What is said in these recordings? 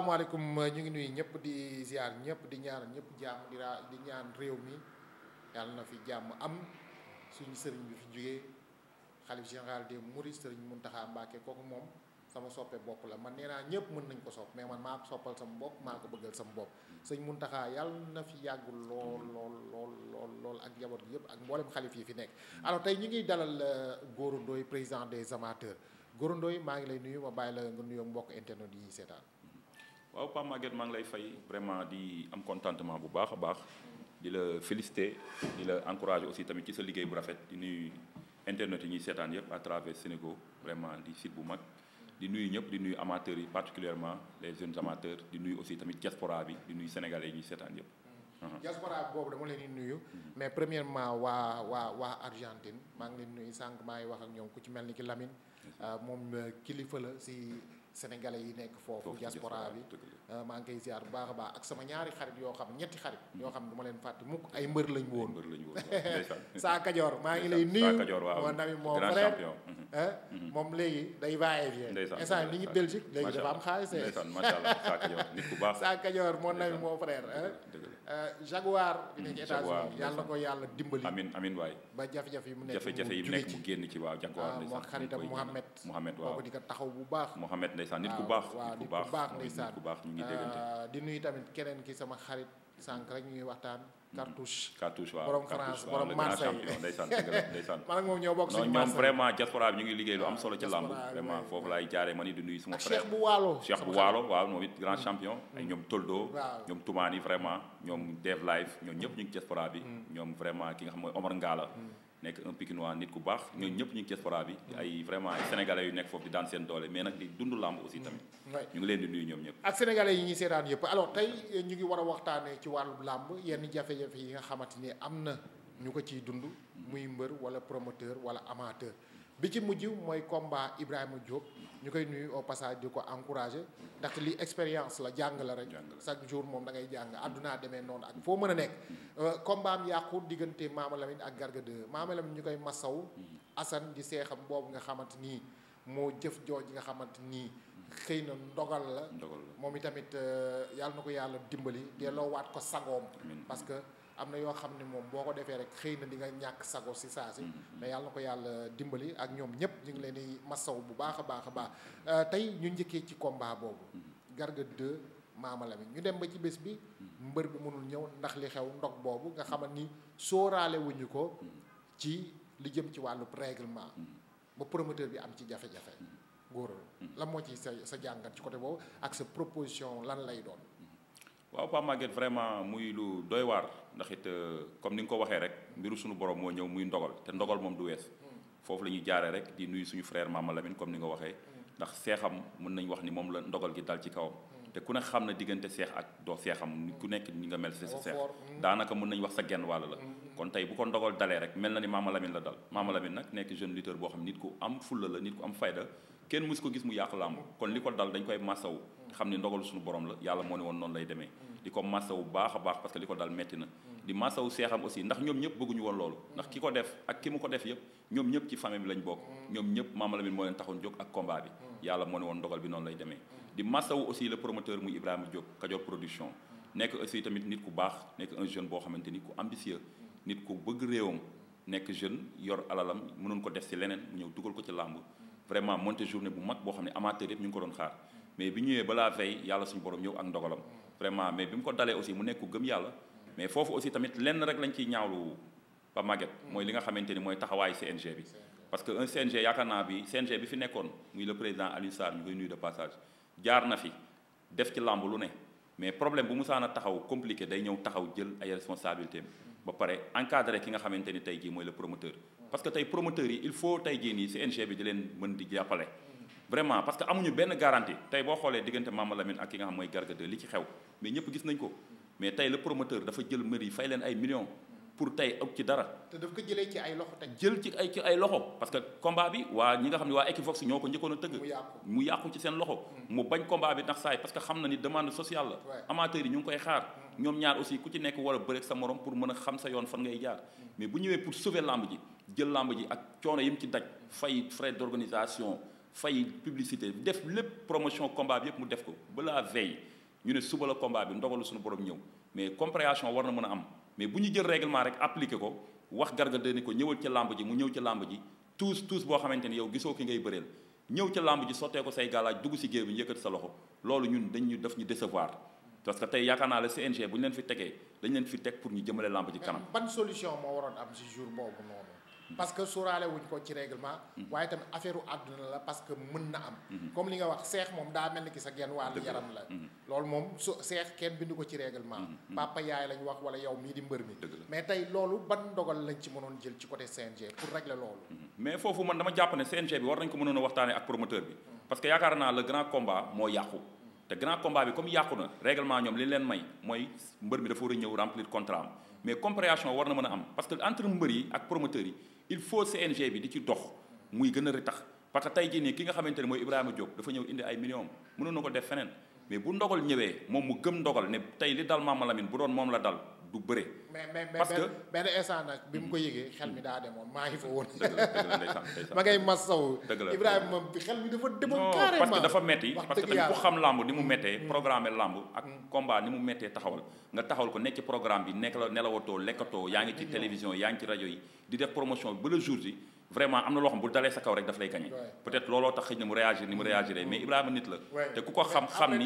asalaamaaleykum euh, ñu ngi nuyu ñëpp di ziar ñëpp di ñaan ñëpp jàmm di ra di ñaan réew mi yàlla na fi jàmm am suñu sëriñ bi fi jógee xalif général des Mourides sëriñ Mountakha Mbacké kooku moom sama soppee bopp la man nee naa ñëpp mën nañ ko sopp mais man maa soppal sama bopp maa ko bëggal sama bopp sëñ Mountakha yàlla na fi yàgg lool lool lool lool lool ak njaboot gi yëpp ak mboolem xalif yi fi nekk hmm. alors tey ñu ngi dalal euh, Gora Ndoye président des amateurs Gora Ndoye maa ngi lay nuyu ma bàyyi la nga nuyoo mbokk internet yi seetaan waaw Pape magget maa ngi lay fay vraiment di am contentement bu baax a baax di la féliciter di la encourager aussi tamit ci sa liggéey bu rafet di nuy internet yi ñuy seetaan yëpp à travers Sénégal vraiment di site bu mag di nuyu ñëpp di nuyu amateurs yi particulièrement les jeunes amateurs di nuyu aussi tamit diaspora bi di nuyu sénégalais yi ñuy seetaan yëpp hmm. diaspora boobu dama leen di nuyu. Hmm. mais premièrement waa waa waa Argentine maa ngi leen nuyu sànq maa ngi wax ak ñoom ku ci mel ni ki Lamine. Euh, moom euh, kilifa la si sénégalais yi nekk foofu diaspora bi euh, maa ngi koy ziar bu baax baax ak sama ñaari xarit yoo xam ñetti xarit yoo xam ne du leen fàtte mukk ay mbër lañu woon saa kajoor maa ngi lay nuyu moo ami mon frère mhm. Mhm. moom léegi day vaye vie instant ni ngi Belgique léegi dafa am xaalis saa kajoor moo ami moo frère Euh, Jaguar. bi nekk États-Unis yàlla ko yàlla dimbali. amin amin waay. ba jafe-jafe yi mu nekk jafe-jafe yi mu nekk mu génn ci waaw Jaguar. Ah, ndeysaan xaritam Mouhamed. Mouhamed waaw kooku di ko taxaw bu baax. Mouhamed ndeysaan nit ku baax. Ah, nit ku baax ndeysaan nit ku baax ñu ngi déggante. Euh, di nuyu tamit keneen ki sama xarit. sànq rek ñuy waxtaan. cartouche mm-hmm. cartouche waaw borom France borom Marseille ndeysaan ndeysaan man ak moom ñoo bokk suñu Marseille ñoom vraiment diaspora bi ñu ngi liggéey lu am solo ci làmb vraiment foofu laay jaaree ma ni di nuyu suma frère Cheikh bu Waalo Cheikh bu Waalo waaw moom it grand mm. champion mm. ay ñoom Toldo ñoom Toumani vraiment ñoom Dev Live ñoom ñëpp ñu ngi diaspora bi mm. ñoom vraiment ki nga xam mooy Omar Ngala nekk un Pikinois nit ku baax ñooñu ñëpp ñu ngi diaspora bi ay vraiment ay sénégalais yu nekk foofu di daan seen doole mais nag di làmb aussi mm. tamit ñu ngi leen di nuyu ñoom ñëpp ak sénégalais yi ñuy seetaan yëpp alors tey ñu ngi war a waxtaane ci wàllu làmb yenn jafe-jafe yi nga xamante ne am na ñu ko ciy dund mm. muy mbër wala promoteur wala amateur bi ci mujj mooy combat Ibrahima Diop ñu koy nuyu au passage di ko encouragé ndax li expérience la jàng la rek chaque jour moom da ngay jàng àdduna demee noonu ak foo mën a nekk euh, combat am yàqu diggante Mama Lamine ak Garga 2 ñu koy masaw Assane di seexam boobu nga xamante nii moo jëf jooju nga xamante nii xëy na ndogal la moom itamit euh, yàlla na ko yàlla dimbali mm. delloowaat ko sagoom parce am na yoo xam ne moom boo ko defee rek xëy na di nga ñàkk sago si saa si mm-hmm. mais yàlla ko yàlla dimbali ak ñoom ñëpp ñu ngi leen di masaw bu baax a baax a baax mm-hmm. euh, tey ñu njëkkee ci komba boobu mm-hmm. Garga 2 Mama Lamine ñu dem ba ci bés bi mbër bi mënul ñëw ndax li xew ndog boobu nga xamal ni sóoraale wuñu ko ci li jëm ci wàllu règlement ba promoteur bi am ci jafe-jafe góoral lan moo ci sa sa jàngat ci côté boobu ak sa proposition lan lay doon waaw Pape Maguette vraiment muy lu doy waar ndax it euh, comme ni nga ko waxee rek mbiru suñu borom moo ñëw muy ndogal te ndogal moom du wees hmm. foofu la ñuy jaaree rek di nuyu suñu frère Mama Lamine comme ni nga waxee hmm. ndax seexam mën nañu wax ni moom la ndogal gi dal ci kaw hmm. te ku ne xam na diggante seex ak doo seexam ku nekk ni nga mel si sa seex daanaka mën nañu wax sa genn wàll la kon tey bu ko ndogal dalee rek mel na ni Mama Lamine la dal Mama Lamine nag nekk jeune lutteur boo xam nit ku am fulla la nit ku am fayda kenn musu ko gis mu yàq làmb kon li ko dal dañ koy massaw xam ni ndogalu suñu borom la yàlla moo ne woon noonu lay demee mm. di ko massaw a baax parce que li ko dal na mm. di massaw seexam aussi ndax ñëpp bëgguñu woon loolu ndax mm. ki ko def ak ko def yëpp ñoom ñëpp ci bokk ñoom ñëpp Mama Lamine moo leen taxoon jóg ak combat bi yàlla moo ne woon ndogal bi noonu lay demee di massaw aussi le promoteur muy Ibrahima Diop Kajoor production nekk aussi tamit nit ku baax nekk un jeune boo xamante ni ku ambitieux nit ku bëgg réewam nekk jeune yor alalam mënoon ko def si leneen mu ñëw dugal ko ci làmb vraiment monté journée bu mag boo xam ne amateur yëpp ñu ngi ko doon xaar mais bi ñëwee balaa veille yàlla suñu borom ñëw ak ndogalam vraiment mais bi mu ko dalee aussi mu nekk ku gëm yàlla mais foofu aussi tamit lenn rek lañ ciy ñaawlu ba màgget mooy li nga xamante ni mooy taxawaayu CNG bi parce que un CNG yaakaar naa bi CNG bi fi nekkoon muy le président Alioune Sarr ñu koy nuyu de passage jaar na fi def ci làmb lu ne mais problème bu mu saan a taxaw compliqué day ñëw taxaw jël ay ba pare encadré ki nga xamante ni tey jii mooy la promoteur. parce que tey promoteur yi il faut tey jii nii CNG bi di leen mën di jàppale. vraiment parce que amuñu benn garanti tey boo xoolee diggante Mama Lamine ak ki nga xam mooy Garga 2 li ci xew mais ñëpp gis nañ ko mais tey le promoteur dafa jël mbër yi fay leen ay millions. pour tey ak ci dara. te daf ay loxo jël ci ay ci ay loxo parce que combat bi waa ñi nga xam ne waa Equivox ñoo ko njëkkoon a tëgg. mu yàqu ci seen mm. mu bañ combat bi ndax saay parce que xam na ni demande sociale la. amateurs yi ñu ngi koy xaar. Mm. ñoom ñaar aussi ku ci nekk war a bëreeg sa morom pour mën a xam sa yoon fan ngay jaar mais bu ñëwee pour sauver lamb ji jël lamb ji ak coono yi mu ci daj fay frais d'organisation fay publicité def lépp promotion combat yëpp mu def ko ba la veille ñu ne suba la combat bi ndogalu suñu borom ñëw mais compréhension war mën a am mais bu ñu jël règlement rek appliqué ko wax Garga ni ko ñëwal ci làmb ji mu ñëw ci làmb ji tous tous boo xamante ni yow gisoo ki ngay bëreel ñëw ci làmb ji sottee ko say gàllaaj dugg si géer bi yëkkati sa loxo loolu ñun dañ ñu def ñu décevoir parce que tey yaakaar naa la CNG bu ñu leen fi tegee dañ leen fi teg pour ñu jëmale lamb ci kanam. ban solution moo waroon am si jour boobu noonu. parce que sóoraale wuñ ko ci règlement. Mm-hmm. waaye tamit affaire u àdduna la parce que mën na am. Mm-hmm. comme li nga wax seex moom daa mel ni ki sa genn wàll yaram la. Mm-hmm. loolu moom su seex kenn bindu ko ci réglement papa yaay lañ wax wala yow mii di mbër mi. mais tey loolu ban ndogal lañ ci mënoon jël ci côté CNG pour régler loolu. mais foofu man dama jàpp ne CNG bi war nañ ko mënoon a waxtaanee ak promoteur mm. parce que yaakaar naa le moo yàqu. te grand combat bi comme yàqu na réglement ñoom li leen may mooy mbër mi dafa war a ñëw remplir contrat am mais compréhension war na mën a am parce que entre mbër yi ak promoteurs yi il faut CNG bi di ci dox muy gën a retax parce que tey jii nii ki nga xamante ne mooy Ibrahima Diop dafa ñëw indi ay millions mënoon na ko def feneen mais bu ndogal ñëwee moom mu gëm ndogal ne tey li dal Mama Lamine bu doon moom la dal du bëre. parce mais mais benn instant nag bi mu ko yëgee xel mi daa demoon maa ngi fa woon. ma ngay mas saw Ibrahima moom xel mi dafa demoon carrément parce que dafa metti parce que tamit ku xam làmb ni mu méttee mm. mm. programme lamb ak mm. combat ni mu méttee taxawal nga taxawal ko nekk ci programme bi nekk la nelawatoo lekkatoo yaa ngi ci télévision yaa ngi ci rajo yi di def promotion bi ba le jour ji vraiment am na loo xam bu dalee sa kaw rek daf lay gagné peut-être looloo tax xëy na mu réagir ni mu réagir mais Ibrahima nit la te ku ko xam xam ni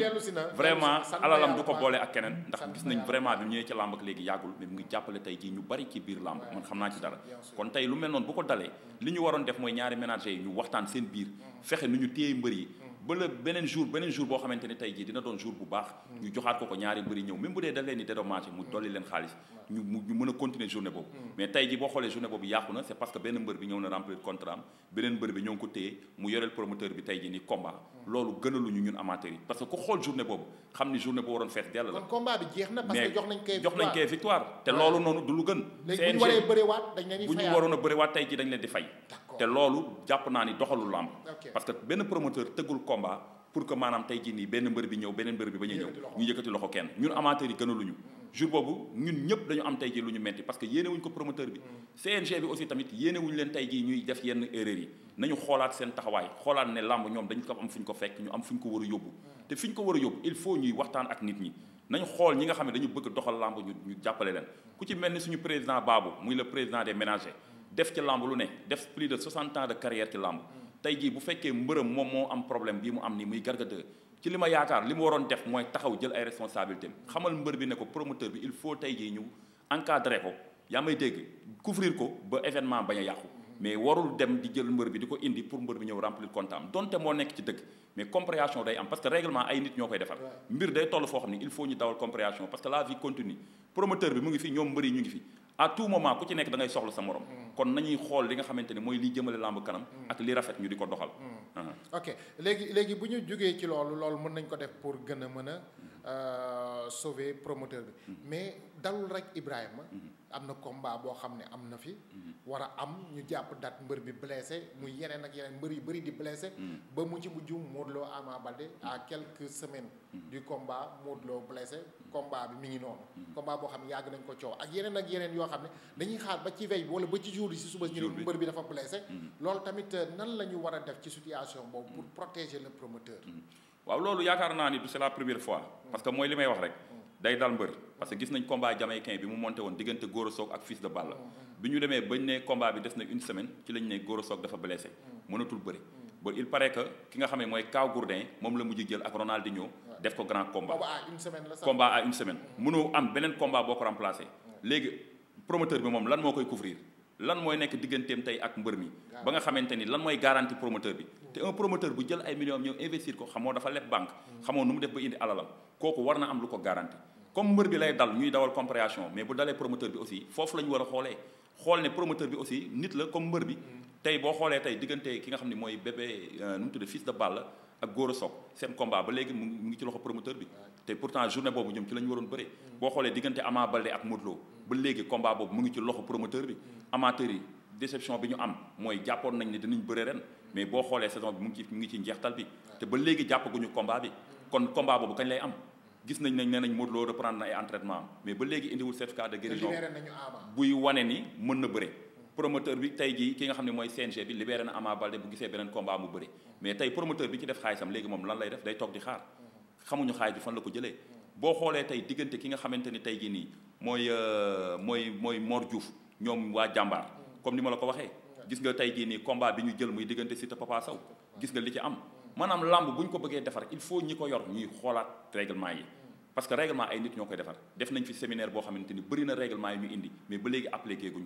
vraiment alalam du ko boole ak keneen ndax gis nañ vraiment bi mu ñëwee ci làmb ak léegi yàggul mais mu ngi jàppale tey jii ñu bari ci biir làmb man xam naa ci dara kon tey lu mel noonu bu ko dalee li ñu waroon def mooy ñaari ménager yi ñu waxtaan seen biir mm. fexe nu ñu téye mbër yi ba la beneen jour beneen jour boo xamante ne tey jii dina doon jour bu baax ñu joxaat ko ko ñaari bëri ñëw même bu dee da leen di dédommagé mu dolli leen xaalis ñu ñu mën a continuer journée boobu mm. mais tey jii boo xoolee journée boobu yàqu na c'est parce que benn mbër bi ñëw na remplir contrat am mm. ñun amateurs yi parce que ku xool journée boobu xam ni journée bu waroon fees dell la kon jox nañ koy victoire te loolu noonu du lu gën bu ñu waroon a bëriwaat tey jii dañ leen di fay te loolu jàpp naa ni doxalu làmb parce que benn promoteur tëggul combat pour que maanaam tey jii nii benn mbër bi ñëw beneen mbër bi ba ñuy ñëw ñu yëkkati loxo kenn ñun amateurs yi gënaluñu jour boobu ñun ñëpp dañu am tey jii lu ñu metti parce que yéene ko promoteur bi mm. CNG bi aussi tamit yéene leen tey jii ñuy def yenn erreurs yi nañu xoolaat seen taxawaay xoolaat ne làmb ñoom dañ ko am fu ñu ko fekk ñu am fu ñu ko war a yóbbu mm. te fi ñu ko war a yóbbu il faut ñuy waxtaan ak nit ñi nañu xool ñi nga xam ne dañu bëgg doxal làmb ñu ñu jàppale leen ku ci mel ni suñu président Babou muy le président des ménagers def ci làmb lu ne def plus de 60 ans de carrière ci làmb tey jii bu fekkee mbërëm moom moo am problème bii mu am ni muy Garga 2 ci li ma yaakaar li mu waroon def mooy taxaw jël ay responsabilités xamal mbër bi ne ko promoteur bi il faut tey jii ñu encadré ko yaa may dégg couvrir ko ba événement bañ a yàqu mais warul dem di jël mbër bi di ko indi pour mbër bi ñëw remplir comptable donte moo nekk ci dëgg mais compréhension day am parce que règlement ay nit foo xam ne il faut ñu dawal compréhension parce que la vie continue promoteur bi mu ngi ngi fi à tout moment ku ci nekk da ngay soxla sa morom. kon nañuy xool li nga xamante ne mooy liy jëmale làmb kanam. Mm. ak li rafet ñu di ko doxal. Mm. Ah. ok léegi léegi bu ñu jógee ci loolu loolu mën nañ ko def pour gën a mën a. Euh, sove promoteur bi. Mm-hmm. mais dalul rek Ibrahima. Mm-hmm. am na combat boo xam ne am na fi. Mm-hmm. war a am ñu jàpp date mbër bi blessé muy yeneen ak yeneen mbër yu bëri di blessé. ba mu ci mujj Modou Lo Ama Baldé quelque semaine semaines. du combat Modou Lo blessé. combat bi mi ngi noonu. combat boo xam ne yàgg nañ ko coow ak yeneen ak yeneen yoo xam ne dañuy xaar ba ci veille wala ba ci jour yi si suba ñu ne mbër bi dafa blessé. loolu tamit euh, nan la ñu war a def ci situation boobu. pour protéger le promoteur. waaw loolu yaakaar naa ni du c'est la première fois parce que mooy li may wax rek day dal mbër parce que gis nañ combat jamaïcain bi mu monté woon diggante Gora Sock ak Fils de Balla bi ñu demee bañ ne combat bi des na une semaine ci lañ ne Gora Sock dafa blessé mënatul bëri ba il paraît que ki nga xam ne mooy Kaw Gourdin moom la mujj jël ak Ronaldinho def ko grand combat combat à une semaine mënoo am beneen combat boo ko remplacé léegi promoteur bi moom lan moo koy couvrir lan mooy nekk digganteem tey ak mbër mi ba nga xamante ni lan mooy garanti promoteur bi te promoteur bu jël ay millions am ñëw investir ko xamoo dafa leb banque xamoo nu mu def ba indi alalam kooku war na am lu ko garantie comme mbër bi lay dal ñuy dawal compréhension mais bu dalee promoteur bi aussi foofu la ñu war a xoolee xool ne promoteur bi aussi nit la comme mbër bi mm. tey boo xoolee tey diggante ki nga xam ne mooy bébé euh, nu mu tudd fils de balle ak góor a soog seen combat ba léegi mu ngi ci loxo promoteur bi te pourtant journée boobu ñoom ci la ñu waroon bëre boo xoolee diggante Ama Baldé ak Modou Lo ba léegi combat boobu mu ngi ci loxo promoteur bi amateur yi déception bi ñu am mooy jàppoon nañ ne dinañ bëre ren mais boo xoolee saison bi mu ngi ci mu ngi ci njeextal bi te ba léegi jàppaguñu combat bi kon combat boobu kañ lay am gis nañ nañ nee nañ Modou Lo reprendre na ay entraînement mais ba léegi indiwul certificat de guérison buy wane ni mën na bëre promoteur bi tey jii ki nga xam ne mooy CNG bi libéré na Ama Baldé bu gisee beneen combat mu bëri mais tey promoteur bi ci def xaalisam léegi moom lan lay def day toog di xaar xamuñu xaalis bi fan la ko jëlee boo xoolee tey diggante ki nga xamante ni tey jii nii mooy euh, mooy mooy Mor Diouf ñoom waa jàmbaar comme ni ma la ko waxee gis nga tey gii nii combat bi ñu jël muy diggante Siteu Papa Sow gis nga li ci am maanaam làmb bu ñu ko bëggee defar il faut ñi ko yor ñuy xoolaat règlement yi parce que règlement ay nit ñoo koy defar def nañ fi séminaire boo xamante ni bëri na règlement indi mais ba léegi appliqué ko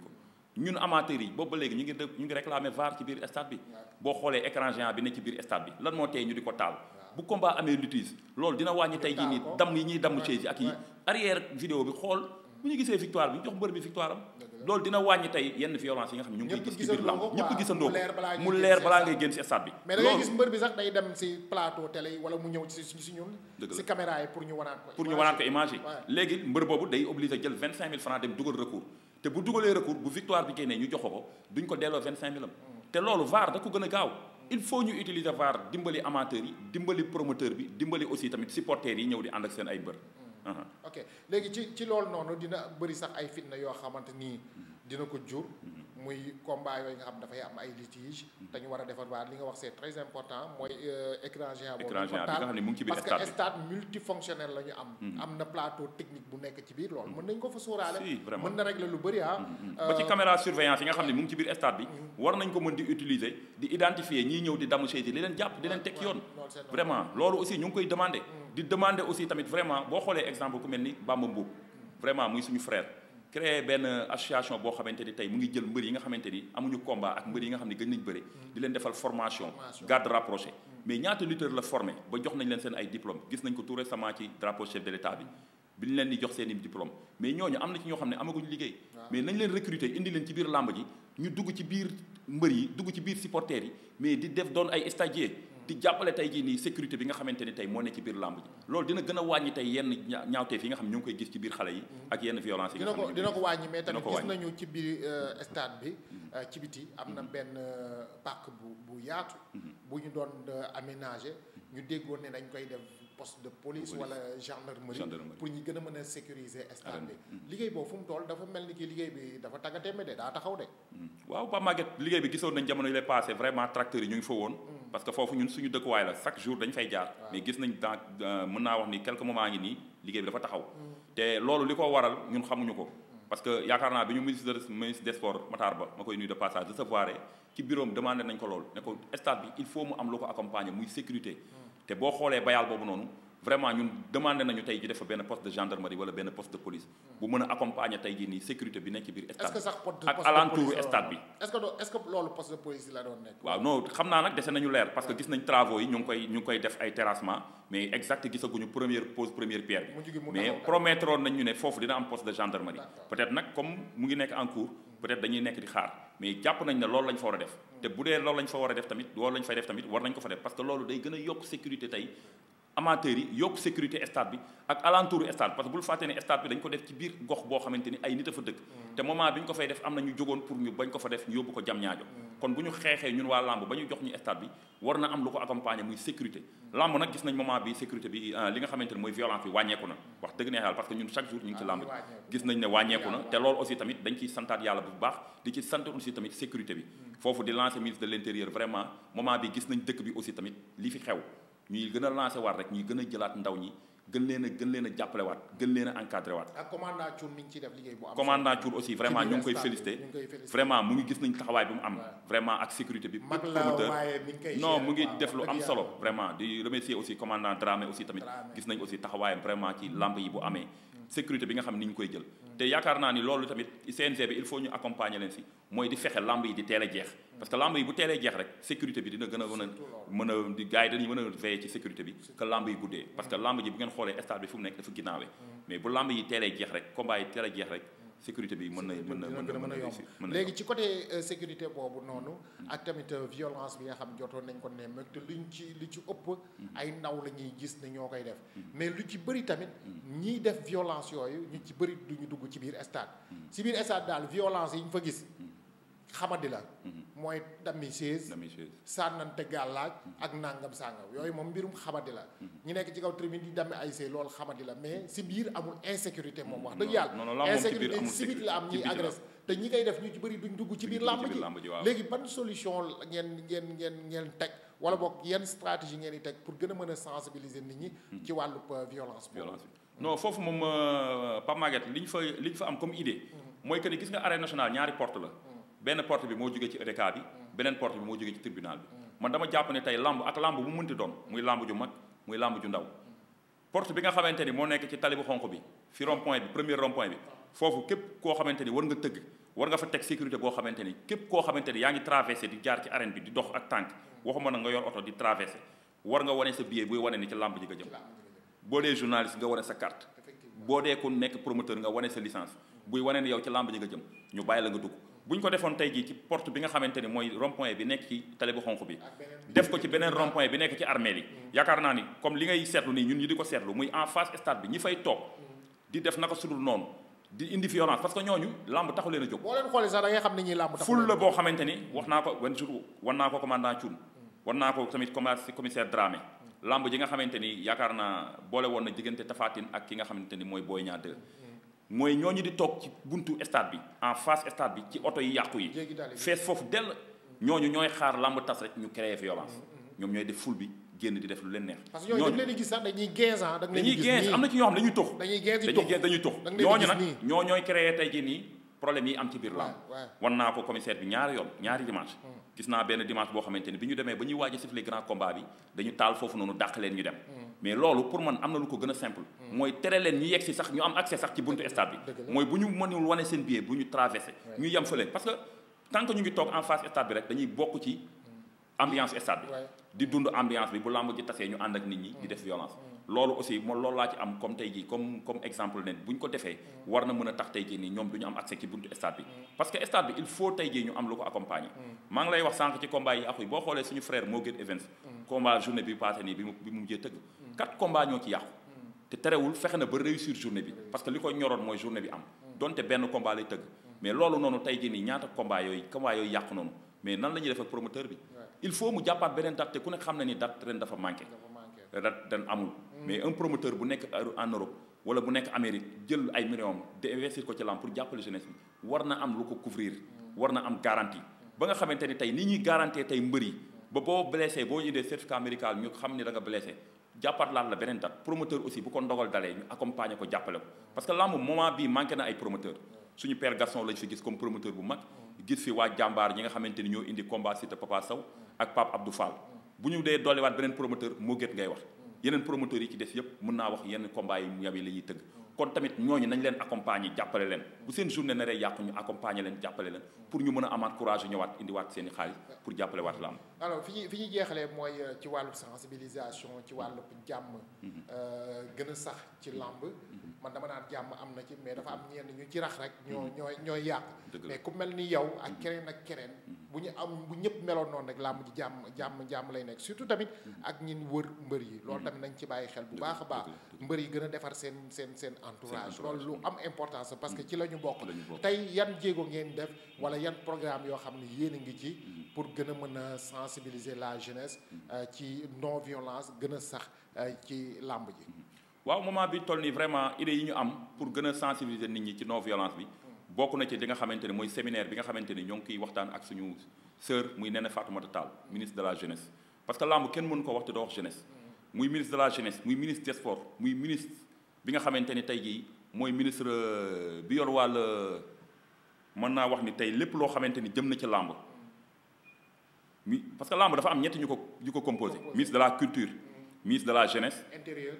ñun amateurs yi boobu ba léegi ñu ngi ñu ngi réclamer VAR ci biir stade bi boo xoolee écran géant bi ne ci biir stade bi lan moo tey ñu di ko taal bu combat amee litige loolu dina wàññi tey ñuy damm chaise xool bu ñu gisee victoire bi jox mbër bi victoire am loolu dina wàññi tey yenn violence yi nga xam ne ñu ngi gis ci biir lamb ñëpp gisandoo ko mu leer balaa ngay génn si stade bi mais da ngay gis mbër bi sax day dem si plateau télé wala mu ñëw si si ñun si caméra yi pour ñu wanaan ko image léegi mbër boobu day obligé jël vingt cinq mille francs te bu dugalee recours bu victoire bi génnee ñu jox ko duñ ko delloo vingt cinq mille am te loolu VAR da ko gën a gaaw il faut ñu utiliser VAR dimbali amateur yi dimbali promoteur bi dimbali aussi tamit supporters yi ñëw di ànd ak seen ay mbër. Hmm. ok léegi ci ci lool noonu dina bëri sax ay fitna yoo xamante nii dina ko jur. Hmm. muy combat yooyu nga xam dafay am ay litige te war a defar waat li nga wax c'est très important mooy euh, écran géant boobu ñu ko taal mm-hmm. nekk ci biir loolu mm-hmm. mën nañ ko fa sóoraale mën ah. mm-hmm. euh, nga xam ne mu ngi ci biir stade bi war nañ ko mën di utiliser di identifier ñiy ñëw di damu seeti li leen jàpp di leen teg yoon vraiment loolu aussi ñu ngi koy demander mm. di demander aussi tamit vraiment boo xoolee exemple ku mel ni Bamba Mbow mm. vraiment muy suñu frère créer benn association boo xamante ni tey mu ngi jël mbër yi nga xamante ni amuñu combat ak mbër yi nga xam ne gën nañ bëre mm. di leen defal formation garde rapproché mm. mais ñaata lutteur la formé ba jox nañ leen seen ay diplôme gis nañ ko tout récemment ci drapeau chef de l'état bi bi ñu leen di jox seen i diplôme mais ñooñu am na ci ñoo xam ne amaguñu liggéey mais nañ leen recruter indi ci biir làmb ji ñu dugg ci biir mbër yi dugg ci biir supporters yi mais di def doon ay stagiaires di jàppale tey jii nii sécurité bi nga xamante ni tey moo ne ci biir làmb ji loolu dina gën a wàññi tey yenn ñaawteef yi nga xam ne ñu ngi koy gis ci biir xale yi ak yenn violence yi nga xam ne dina ko wàññi mais tamit gis nañu ci biir euh, stade bi mm-hmm. euh, ci biti am na mm-hmm. benn euh, parc bu bu yaatu mm-hmm. bu ñu doon aménager ñu déggoon ne dañ koy def poste de police wala gendarmerie pour ñu gën a mën a sécuriser stade bi mhm. liggéey boobu fu mu dafa mel ni ki liggéey bi dafa tàggatémbe de daa taxaw de mhm. waaw Pape Maguette liggéey bi gisoon nañ jamono lay passé vraiment tracteurs yi ñu ngi mhm. foofu ñun suñu dëkkuwaay la chaque jour dañ fay jaar mais gis nañ dans euh, mën naa wax ni quelques moments ngi nii liggéey bi dafa taxaw te loolu li ko waral ñun xamuñu ko parce que yaakaar naa bi ñu ministre ministre te boo xoolee bayaal boobu noonu vraiment ñun demandé nañu tey ji def benn poste de gendarmerie wala benn poste de police bu mën a accompagner tey ji nii sécurité bi nekk ci biir stade ak alentour stade bi est-ce que waaw non xam naa nag dese nañu leer parce que gis nañ travaux yi ñu ngi koy def ay terrassement mais exact gisaguñu première pose première pierre bi mais promettre nañ ne foofu dina am poste de gendarmerie peut-être nag comme mu ngi nekk en peut-être dañuy nekk di xaar mais jàpp nañ ne loolu a mm. a def tamit loolu lañ fay def tamit war nañ ko fa def parce que loolu day gën a yokk amateurs yi yokk sécurité stade bi ak alentour stade parce que bul fàtte ne stade bi dañ ko def ci biir gox boo xamante ni ay nit a fa dëkk. Mm. te moment bi ñu ko fay def am na ñu jógoon pour ñu bañ ko fa def ñu yóbbu ko jam ñaajo mm. kon bu ñu xeexee ñun waa làmb ba ñu jox ñu stade bi war na am lu ko accompagner muy sécurité. làmb nag gis nañ moment bi sécurité bi euh, li nga xamante ni mooy violence bi wàññeeku na wax dëgg ne yàlla parce que ñun chaque jour ñu ngi ci ah, làmb gis nañ ne wàññeeku na te loolu aussi tamit dañ ciy santaat yàlla bu baax di ci sant aussi tamit sécurité mm. tamit li fi xew ñuy gën a lancé waat rek ñuy gën a jëlaat ndaw ñi gën leen a gën leen a gën leen a encadré waat. ak commandant Thiour mi ngi ciy def liggéey bu am. commandant aussi vraiment ñu ngi koy félicité vraiment mu ngi gis nañ taxawaay bi mu am. vraiment ak sécurité bi. mag non mu ngi def lu am solo. vraiment di remercier aussi commandant Dramé aussi tamit. gis nañ aussi taxawaayam vraiment ci lamb yi bu amee. Mm. sécurité bi nga xam ni ñu koy jël. te yaakaar naa ni loolu tamit CNG bi il faut ñu accompagner leen si mooy di fexe lamb yi di teel a jeex parce que lamb yi bu teelee jeex rek sécurité bi dina gën a mën a mën a di gars yi dañuy mën a veiller ci sécurité bi que lamb yi guddee parce que lamb ji bu ngeen xoolee stade bi fu mu nekk dafa ginnaawee mm. mais bu lamb yi teelee jeex rek combat yi teel a jeex rek sécurité bi mën na mën na mën a yomb léegi ci côté euh, sécurité boobu noonu mm-hmm. ak tamit euh, violence bi nga xam jotoon nañ ko ne te luñ ci lu ci ëpp mm-hmm. ay ndaw la ñuy gis ne ñoo koy def mm-hmm. mais lu ci bëri tamit ñiy def violence yooyu ñu ci bëri duñu dugg ci biir stade si biir stade daal violence yi ñu fa gis xamadi la mooy dammi chaise sànnante gàllaaj ak nangam sàngam yooyu moom mbirum xamadi la ñu nekk ci kaw tribune di dammi ay loolu xamadi la mais si biir amul insécurité moom wax dëgg yàlla insécurité si biir la am ñuy agressé te ñi koy def ñu ci bëri duñ dugg ci biir làmb ji léegi ban solution ngeen ngeen ngeen ngeen teg wala boog yenn stratégie ngeen di teg pour gën a mën a sensibiliser nit ñi ci wàllu euh, violence violence non foofu moom euh, Pape Maguette li ñu fa li ñu fa am comme idée mm-hmm. mooy que ni gis nga arène nationale ñaari porte la benn porte bi moo jógee ci EDK bi beneen port bi moo jógee ci tribunal bi man dama jàpp ne tey làmb ak lamb bu mënti doon muy lamb ju mag muy lamb ju ndaw porte bi nga xamante ni moo nekk ci tali bu xonq bi fi rond point bi premier rond point bi foofu képp koo xamante ni war nga tëgg war nga fa teg sécurité boo xamante ni képp koo xamante ni yaa ngi traversé di jaar ci arène bi di dox ak tànk waxuma na nga yor oto di traversé war nga wane sa billet buy wane ni ci lamb ji nga jëm boo dee journaliste nga wane sa carte boo dee ku nekk promoteur nga wane sa licence buy wane ni yow ci lamb ji jëm ñu bàyyi la nga dugg bu ñu ko defoon tey jii ci porte bi nga xamante ni mooy rond point bi nekk ci tali bu xonq bi def ko ci beneen rond point bi nekk ci armée li yaakaar naa ni comme li ngay ko seetlu muy en face stade bi ñi fay toog di def di indi violence parce que ñooñu làmb taxu leen a jóg. boo leen xoolee sax da ngay xam ne ñuy làmb taxu naa ko wan jour wan naa ko commissaire Dramé làmb ji nga xamante ni yaakaar naa boole woon na diggante Tapha Tine ak ki nga xamante ni mooy Boy Niang mooy ñoo ñu di toog ci buntu stade bi en face stade bi ci oto yi yàqu yi fees foofu dell ñooñu ñooy xaar lamb tas rek ñu créé violence ñoom ñooy def ful bi génn di def lu leen neex. dañuy gis am na ci ñoo xam dañuy tux. dañuy gis dañuy gis dañuy tux ñooñu nag ñoo ñooy créé tey jii nii problème yi am ci biir lamb wan naa ko commissaire bi ñaari yoon ñaari dimanche mm. gis naa benn dimanche boo xamante ni bi ñu demee ba ñuy waaj a siffler grand combat bi dañu taal foofu leen ñu dem mm. mais loolu pour man am na lu ko gën a simple hmm. mooy tere leen ñu yegg si sax ñu am accès sax ci buntu stade bi mooy bu ñu mënul wane seen biir bu ñu traversé ñu yem fële parce que tant ñu ngi toog en face stade bi rek dañuy bokk ci ambiance stade bi di dund ambiance bi bu làmb ji tasee ñu ànd ak nit ñi di def mm. violence mm. loolu aussi moom loolu laa ci am comme tey jii comme comme exemple ne bu ñu ko defee mm. war na mën a tax tey jii nii ñoom du ñu am accès ci buntu stade bi parce que stade bi il faut tey jii ñu am lu ko accompagner maa ngi lay wax sànq ci combat yi ak yi boo xoolee suñu frère Mo Gates Events combat journée bi passé nii bi mu mujjee tëgg quatre combats ñoo ci yàqu te la ñuy def ak il faut mu jàppaat beneen date te ku ne xam na ni date ren dafa manqué. date ren amul. Mm. mais un promoteur bu nekk en Europe wala bu nekk Amérique jël ay millions am de investir ko ci lamb jàppale jeunesse bi war na am lu ko couvrir. Mm. war na am garantie. Mm. ba nga xamante ni tey ni ñuy garantie tey mbër yi ba boo blessé boo indee certificat médical ñu xam ni da nga blessé jàppaat laat la beneen date promoteur aussi bu ko ndogal dalee ñu accompagner ko jàppale parce que lamb moment bii manqué na ay promoteur suñu père garçon lañ fi gis comme promoteur bu mag. gis fi waa jàmbaar ñi nga xamante ni ñoo indi combat Siteu Papa Sow ak Pape Abdou Fall bu ñu dee dolliwaat beneen promoteur moo gét ngay wax yeneen promoteurs yi ci des yëpp mën naa wax yenn combat yi mu yabi tëgg kon tamit ñooñu nañ leen accompagner jàppale leen bu seen journée naree yàqu ñu accompagner leen jàppale leen pour ñu mën a amaat courage ñëwaat indiwaat seen i xaalis pour jàppale waat la am alors fi ñu fi ñuy jeexalee mooy euh, ci wàllu sensibilisation ci wàllu jàmm. Mm-hmm. Euh, gën a sax ci làmb. Mm-hmm. man dama naan jàmm am na ci mais dafa am ñenn ñu ci rax rek. ñoo mm-hmm. ñooy ñooy yàq. mais ku mel ni yow ak keneen ak kereen bu ñu am bu ñëpp meloon noonu rek làmb ji jàmm jàmm jàmm lay nekk surtout tamit ak ñin wër mbër yi. loolu tamit nañ ci bàyyi xel bu baax a baax. mbër yi gën a defar seen seen seen entourage. loolu lu am importance parce que ci la ñu bokk. tey yan jéego ngeen def wala yan programme yoo xam ne yéen a ngi ci. pour gën a mën a sensibiliser la jeunesse mm-hmm. euh, ci non violence gën a sax euh, ci làmb ji mm-hmm. waaw moment bi toll nii vraiment idée yi ñu am pour gën a sensibiliser nit ñi ci non violence bi mm. bokk na ci li nga xamante ne mooy séminaire bi nga xamante ne ñoo ngi kiy waxtaan ak suñu sœur muy Néné Fatoumata Tall ministre de la jeunesse parce que làmb kenn mënu ko wax te doo wax jeunesse mm. muy ministre de la jeunesse muy ministre des sports muy ministre bi nga xamante ne tey jii mooy ministre euh, bi yor wàll mën naa wax ni tey lépp loo xamante ni jëm na ci làmb mi parce que lamb dafa am ñetti ñu ko ñu ko composé ministre de la culture ministre de la jeunesse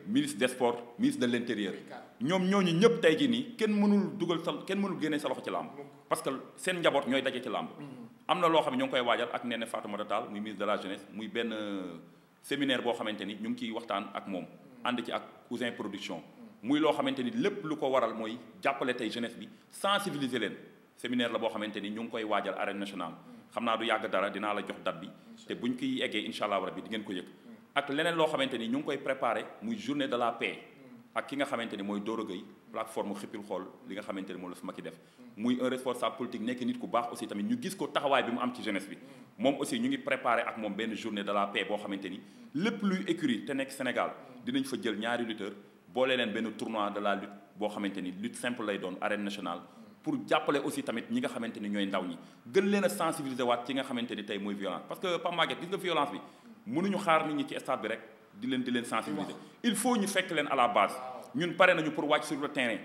ministre des sports ministre de l'intérieur ñoom ñooñu ñëpp tey jii nii kenn mënul dugal sa kenn mënul génne sa loxo ci lamb parce que seen njaboot ñooy daje ci lamb mm-hmm. am na loo xam ne ñoo koy waajal ak Néné Fatoumata Tall muy ministre de la jeunesse muy benn euh, séminaire boo xamante ni ñu ngi ciy waxtaan ak moom mm-hmm. ànd ci ak Ousin production muy loo xamante ni lépp lu ko waral mooy jàppale tey jeunesse bi sensibiliser leen séminaire la boo xamante ni ñu ngi koy waajal arène nationale mm-hmm. xam naa du yàgg dara dinaa la jox date bi te buñ koy eggee incha allah bi di ngeen ko yëg ak leneen loo xamante ni ñu ngi koy préparé muy journée de la paix ak ki nga xamante ni mooy Doro Gueye plateforme xippil xool li nga xamante ni moom la su fi Macky def muy un responsable politique nekk nit ku baax aussi tamit ñu gis ko taxawaay bi mu am ci jeunesse bi moom aussi ñu ngi préparé ak moom benn journée de la paix boo xamante ni lépp luy écurie te nekk Sénégal dinañ fa jël ñaari lutteurs boole leen benn tournoi la boo xamante ni lutte simple lay doon arène nationale pour jàppale aussi tamit ñi nga xamante ni ñooy ndaw ñi gën leen a sensibiliser waat ci nga xamante ni tey mooy violence parce que Pape Maguette gis nga violence bi mënuñu xaar nit ñi ci stade bi rek di leen di leen sensibiliser il faut ñu fekk leen à la base ñun pare nañu pour wàcc sur le terrain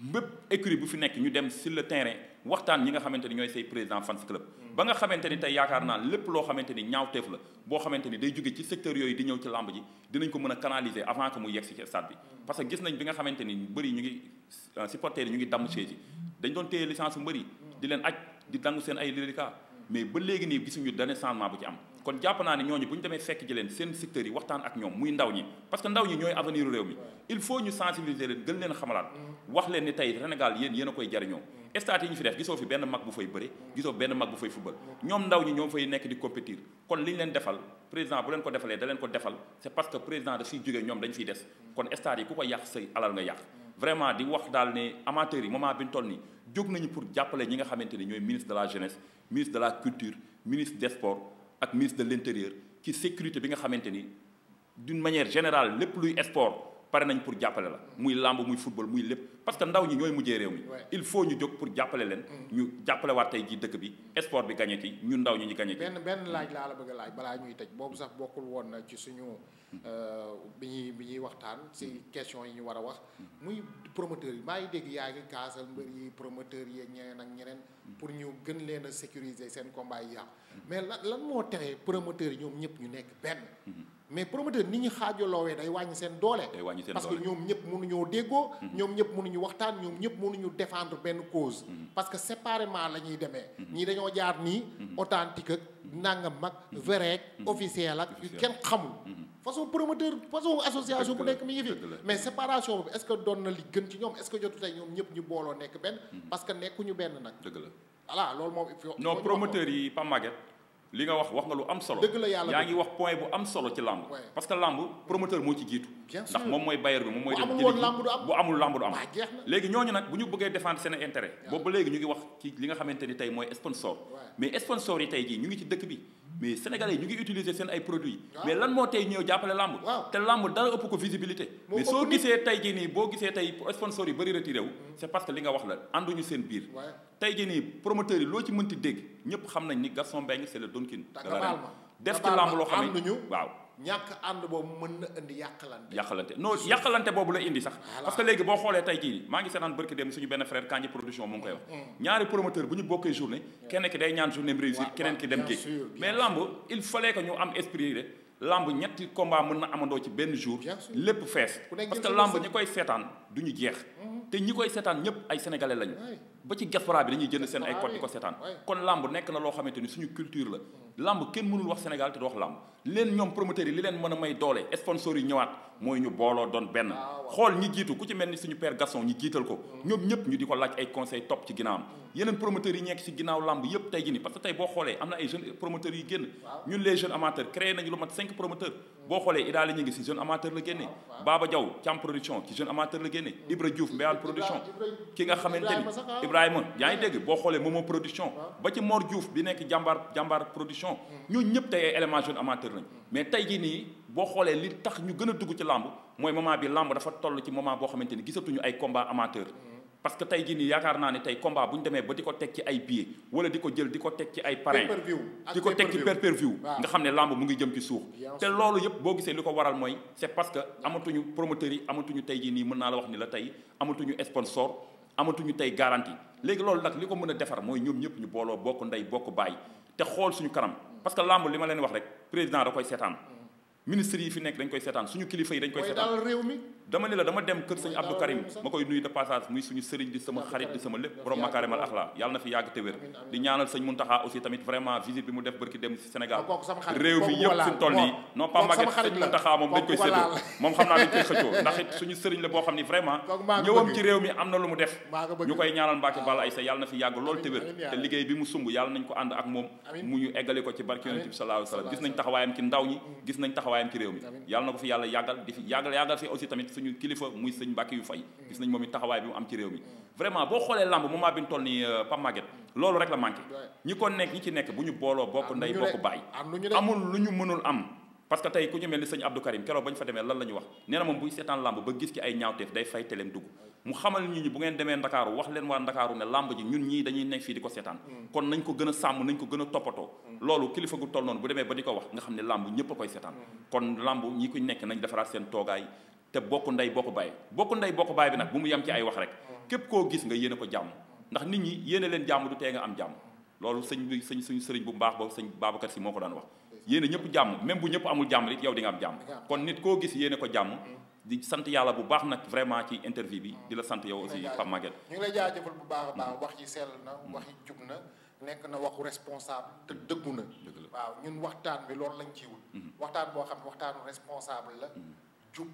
bépp écurie bu fi nekk ñu dem sur le terrain waxtaan ñi nga xamante ni ñooy say président fans club ba nga xamante ni tey yaakaar naa lépp loo xamante ni ñaawteef la boo xamante ni day jóge ci secteur yooyu di ñëw ci làmb ji dinañ ko mën a canaliser avant que mu yegg si ci stade bi parce que gis nañ bi nga xamante ni ñu ngi euh, supporters yi ñu ngi damm chaise yi dañ doon téye licence mbëri di leen aj di dangu seen ay reliquats mais ba léegi nii gisuñu dane changement bu ci am kon jàpp naa ne ñooñu bu ñu demee fekk ji leen seen secteurs yi waxtaan ak ñoom muy ndaw ñi parce que ndaw ñi ñooy avenir réew mi il faut ñu sensibiliser leen gën leen xamalaat wax leen ni tey Sénégal yéen yéen koy jariñoo stades yi ñu fi def gisoo fi benn mag bu fay bëre gisoo fi benn mag bu fay football ñoom ndaw ñi ñoo fay nekk di compétir kon li ñu leen defal président bu leen ko defalee da leen ko defal c'est parce que président da fiy jógee ñoom dañ fiy des kon di wax daal ne amateurs yi moment bi ñu toll nii jóg nañu pour jàppale ñi nga xamante ni ñooy ministre de la jeunesse ministre de la ak ministre de l'intérieur ci sécurité bi nga xamante ni d'une manière générale lépp luy sport pare nañ pour jàppale la muy làmb muy football muy lépp parce que ndaw ñi ñooy mujjee réew mi il faut ñu jóg pour jàppale leen mm. ñu jàppale waat tey ji dëkk bi sport bi gañeti ñu ndaw ñi ñu gañeti benn benn laaj laa la bëgg a laaj balaa ñuy tëj boobu sax bokkul woon na ci suñu mm. euh, bi ñuy bi ñuy waxtaan si mm. question yi ñu war a wax muy promoteurs yi maa ngi dégg yaa ngi kaasal mbër yi promoteurs yi ñeneen ak ñeneen pour ñu gën leen a sécuriser seen combat yi yàqu mais lan lan moo tere promoteurs yi ñoom ñëpp ñu nekk benn mm-hmm. mais promoteur ni ñu xaajaloowee day wàññi seen doole. day wàññi seen doole parce que ñoom ñëpp mënuñoo déggoo. Mm-hmm. ñoom ñëpp mënuñu waxtaan ñoom ñëpp mënuñu défendre benn cause. Mm-hmm. parce que séparément la ñuy demee. Mm-hmm. ñii dañoo jaar nii. authentique ak nangam mag. vrai ak officiel ak yu kenn xamul. façon promoteur façon association bu nekk mi ngi fi. mais séparation boobu est-ce que doon na li gën ci ñoom est-ce que jotu tey ñoom ñëpp ñu booloo nekk benn. parce que nekkuñu benn nag. dëgg la voilà li nga wax wax nga lu am solo. dëgg la yàlla yaa ngi wax point bu am solo ci làmb. parce que làmb promoteur moo ci jiitu. ndax moom mooy bailleur bi moom mooy. bu amul làmb du am léegi ñooñu nag bu ñu bëggee défendre seen intérêt. boobu léegi ñu ngi wax ci li nga xamante ni tey mooy sponsor. mais sponsor yi tey jii ñu ngi ci dëkk bi mais sénégalais ñu ngi utiliser seen ay produits. Ah. mais lan moo tey ñëw jàppale lamb. te lamb dara ëpp ko visibilité. mais soo gisee tey jii nii boo gisee tey sponsor yi bëri retiré wu. Mm. c'est parce li nga wax la ànduñu seen biir. tey jii nii promoteurs yi loo ci mënti dégg ñëpp xam nañ ni Gaston Mbengue c'est le Donkin. de l'arène def ci lamb xam ne waaw ñàkk ànd boobu mën na indi yàqalante. yàqalante non yàqalante boobu la indi sax. parce que léegi boo xoolee tey jii maa ngi seetaan barki dem suñu benn frère Kanji production mu ngi koy wax. Mm-hmm. ñaari promoteur bu ñu bokkee journée. kenn ki day ñaan journée mu réussir keneen ki dem kii. mais lamb il fallait que ñu am esprit de lamb ñetti combat mën na amandoo ci benn jour. lépp fees parce que lamb ñi koy seetaan du ñu jeex. Mm-hmm. te ñi koy seetaan ñëpp ay sénégalais lañu. ba ci diaspora bi dañuy jënd seen ay code di ko seetaan ah kon lamb nekk na loo xamante ni suñu culture la lamb kenn mënul wax Sénégal te du wax lamb leen ñoom promoteurs yi li leen mën a may doole sponsors yi ñëwaat mooy ñu booloo doon benn ah xool ñi jiitu ku ci mel ni suñu père Gaston ñi jiital ko mm. ñoom ñëpp ñu di ko laaj ay conseil topp ci ginnaawam mm. yeneen promoteurs yi nekk ci ginnaaw lamb yëpp tey ji ni parce tey boo xoolee am na ay mm. jeune amateur Ibrahima yaa ngi dégg boo xoolee Momo production ba ci Mor Diouf bi nekk jàmbaar jàmbaar production ñooñu ñëpp tey ay élément jeune amateur lañ mais tey jii nii boo xoolee li tax ñu gën a dugg ci làmb mooy moment bi làmb dafa toll ci moment boo xamante ni gisatuñu ay combat amateur parce que tey jii nii yaakaar naa ne tey combat bu ñu demee ba di ko teg ci ay billets wala di ko jël di ko teg ci ay parrain di ko teg ci pay-per-view nga xam ne lamb mu ngi jëm ci suuf te loolu yëpp boo gisee li ko mooy c'est parce que amatuñu promoteurs amatuñu tey jii nii mën naa la wax ni amatuñu tey garantie léegi loolu nag li ko mën a defar mooy ñoom ñëpp ñu booloo bokk ndey bokk baay te xool suñu kanam parce que làmb li ma leen wax rek président da koy seetaan ministre yi fi nekk dañ koy seetaan suñu kilifa yi dañ koy seetaan réew mi dama ne la dama dem kër sëñ Abdou ma koy nuyu de muy suñu sëriñ di sama xarit di sama lépp borom makaarimal axla yàlla na fi yàgg te wér di ñaanal sëñ Muntaxa aussi tamit vraiment visite bi mu def bërki dem Sénégal ah, réew mi yëpp suñu toll nii non pas Maguette sëñ Muntaxa moom dañ koy sëriñ la boo xam ni vraiment ñëwam ci réew mi am na lu mu def ñu koy ñaanal Mbacke Balla Aïssa yàlla na fi yàgg lool te wér te liggéey bi mu sumb yàlla nañ ko ànd taxawaayam ci réew mi yàlla na ko fi yàlla yàggal di fi yàggal yàggal fi aussi tamit suñu kilifa muy sëñ Mbàkke yu fay gis nañ moom it taxawaay bi mu am ci réew mi vraiment boo xoolee lamb moment bi ñu toll ni euh, Pape Maguette loolu rek la manqué ñi ko nekk ñi ci nekk bu ñu booloo bokk ndey bokk baay amul lu ñu mënul am parce que tey ku ñu mel ni sëñ Abdou Karim keroog ba ñu fa demee lan la ñu wax nee na moom buy seetaan làmb ba gis ci ay ñaawteef day fay teleem dugg mu xamal nit ñi bu ngeen demee ndakaaru wax leen waa ndakaaru ne làmb ji ñun ñii dañuy nekk fii di ko seetaan mm. kon nañ ko gën a sàmm nañ ko gën a toppatoo mm. loolu kilifa gu toll noonu bu demee ba di ko wax nga xam ne làmb ñëpp a koy seetaan mm. kon làmb ñi ko nekk nañ defaraat seen toogaay te bokk ndey bokk baay bokk ndey bokk baay bi nag bu mu yem ci ay wax koo gis nga yéene ko jàmm ndax nit ñi yéene leen jàmm du tee nga am jàmm loolu sëñ bi sëñ suñu sëriñ bu mbaax boobu sëñ Babacar si moo ko daan wax yéene ñëpp jàmm même bu ñëpp amul jàmm it yow di nga am jàmm kon nit koo gis yéene ko jàmm mm-hmm. di sant yàlla bu baax nag vraiment ci interview bi di la sant yow aussi Pape Maguette ñu ngi lay jaajëfal bu baax a baax mm-hmm. wax yi sell na mm-hmm. wax yi jub na nekk na waxu responsable te dëggu na waaw ñun waxtaan bi loolu lañ ci wut waxtaan boo xam ne waxtaanu responsable la jub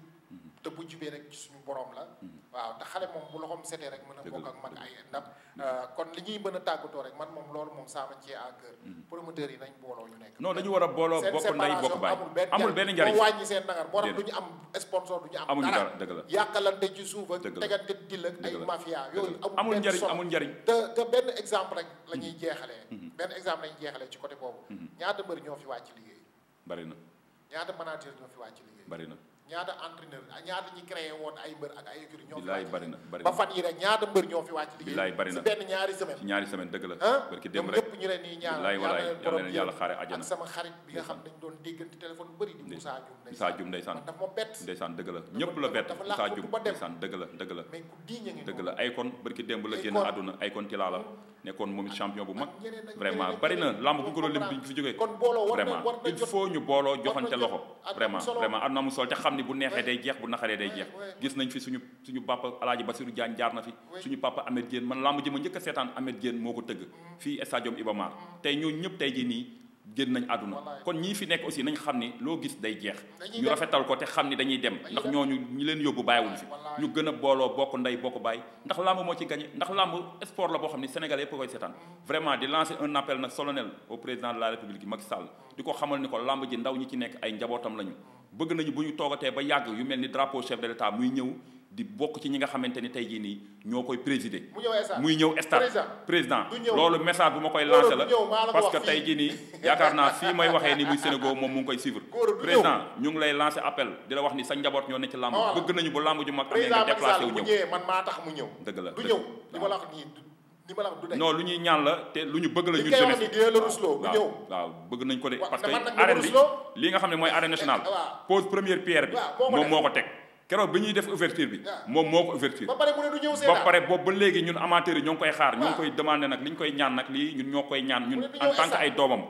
te bu jubee rek ci suñu borom la. Mm-hmm. waaw te xale moom bu loxoom setee rek mën a bokk ak mag ay ndam. Mm-hmm. Euh, kon li ñuy mën a tàggatoo rek man moom loolu moom sama ci à cœur. Mm-hmm. promoteur yi nañ booloo ñu nekk. non dañu war a booloo bokk nday bokk baay amul benn njariñ boo wàññi seen nagar boo tax du ñu am sponsor du ñu am. dara dëgg la yàqalante ci suuf ak tegante dil ak ay mafia yooyu. amul njariñ amul njariñ te te benn exemple rek la ñuy jeexalee. benn exemple la ñuy jeexalee ci côté boobu. ñaata mbër ñoo fi wàcc liggéey. bari na ñaata manager ñoo fi wàcc liggéey. bari na ñaata entraîneur ñaata ñi créé woon ay mbër ak ay écurie ñoo fi wàcc bari na bari na ba fan yi rek ñaata mbër ñoo fi wàcc liggéey bari na si benn ñaari semaine si ñaari semaine dëgg la ah, barki dem rek ñëpp ñu leen nii ñaan bilaay walaay yàlla leen yàlla xaare àjjana ak bi nga xam dañ dafa ma bett ndeysaan dëgg la ñëpp la bett Moussa Dioum ndeysaan dëgg la dëgg la dëgg la ay kon barki la génn àdduna ay kon tilaa la hmm. nekkoon moom it champion bu mag vraiment bari na lamb bu ko doon lim bi ñu fi jógee vraiment il faut ñu booloo joxante loxo vraiment vraiment am na mu sol te xam ni bu neexee day jeex bu naxaree day jeex gis nañ fi suñu suñu papa alaaji Basiru Jaañ jaar na fi suñu papa Amet Diène man lamb ji ma njëkk a seetaan Amet Diène moo ko tëgg mm. fii stadium Iba Mar mm. tey ñoo ñëpp tey ji nii génn nañ àdduna kon ñii fi nekk aussi nañ xam ni loo gis day jeex ñu rafetal ko te xam ni dañuy dem ndax ñoo ñu ñu leen yóbbu bàyyiwuñ fi ñu gën a booloo bokk ndey bokk bàyyi ndax làmb moo ci gagné ndax làmb sport la boo xam ni Sénégal yëpp koy seetaan mm. vraiment di lancer un appel nag solennel au président de la République Macky Sall di ko xamal ni ko làmb ji ndaw ñi ci nekk ay njabootam lañu mm. bëgg nañu bu ñu toogatee ba yàgg yu mel ni drapeau chef de l'État muy ñëw di bokk ci ñi nga xamante ni tey jii nii ñoo koy présider. muy ñëw stade président loolu message bu ma koy lancer la parce que tey jii nii yaakaar naa fii may waxee ni muy Sénégal moom mu ngi koy suivre. président ñu ngi lay lancer appel di la wax ni sa njaboot ñoo ne ci làmb bëgg mu ñëw. dëgg la non lu ñuy ñaan la te lu ñu bëgg la ñun jeunesse waaw waaw bëgg nañ ko de parce que bi li nga xam ne mooy arène nationale pose première pierre bi moom moo ko teg keroog bi ñuy def ouverture bi moom moo ko ouverture ba pare ba boobu léegi ñun amateurs yi ñoo koy xaar ñoo ngi koy demandé nag li ñu koy ñaan nag lii ñun ñoo koy ñaan ñun en tant que ay doomam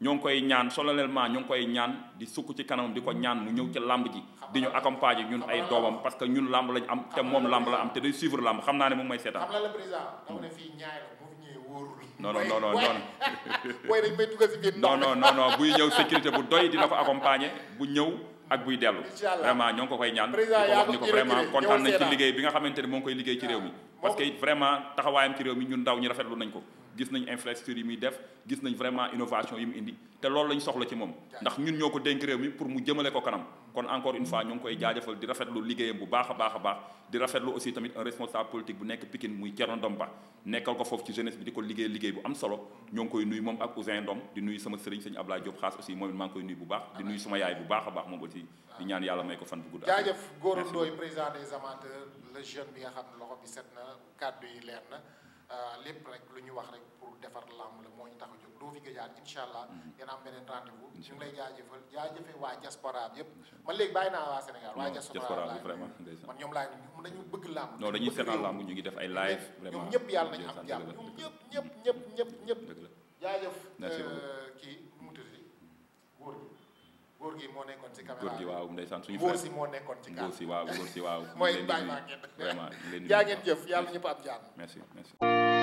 ñoo ngi koy ñaan solennellement ñoo ngi koy ñaan di sukk ci kanam di ko ñaan mu ñëw ci làmb ji di ñu accompagner ñun ay doomam parce que ñun làmb lañ am te moom làmb la am te day suivre làmb xam naa ne moom mooy seetaan non non non non non non non buy ñëw sécurité bu doy dina ko accompagner bu ñëw ak buy dellu vraiment ñoo ngi ko koy ñaan di ko wax vraiment kontaan nañ ci liggéey bi nga xamante ne moo ngi koy liggéey ci réew mi parce que vraiment taxawaayam ci réew mi ñun ndaw ñi rafetlu nañ ko gis nañ infrastructure yi muy def gis nañ vraiment innovation yi mu indi te loolu lañ soxla ci moom ndax ñun ñoo ko dénk réew mi pour mu jëmale ko kanam kon encore une fois koy jaajafal di rafetlu liggéeyam bu baax a baax a baax di rafetlu aussi tamit un responsable politique bu nekk Pikine muy Thierno Ndom Ba nekkal ko foofu ci jeunesse bi di ko liggéey liggéey bu am solo ñoo koy nuyu moom ak Ousin Ndom di nuyu sama sëriñ sëñ Ablaye Diop xaas aussi moom it maa ngi koy nuyu bu baax di nuyu sama yaay bu baax a baax moom aussi leer na Euh, lépp rek lu ñu wax rek pour defar làmb la moo ñu tax a jóg doo fi gëjaat incha allah. Mm-hmm. yéen am beneen rendez-vous. ñu ngi lay jaajëfal jaajëfe waa diaspora yëpp. man léegi bàyyi naa waa Sénégal waa diaspora man ñoom laay ñoom dañu bëgg làmb. non dañuy seetaan làmb ñu ngi def ay live. ñoom ñëpp yàlla nañu am jàmm ñoom ñëpp ñëpp ñëpp ñëpp ñëpp. jaajëf euh, kii. góor gi moo ci caméra góor waaw ndeysaan suñu frère góor si waaw góor waaw. mooy bàyyi maa ngeen vraiment leen jaa ngeen jëf yàlla ñëpp am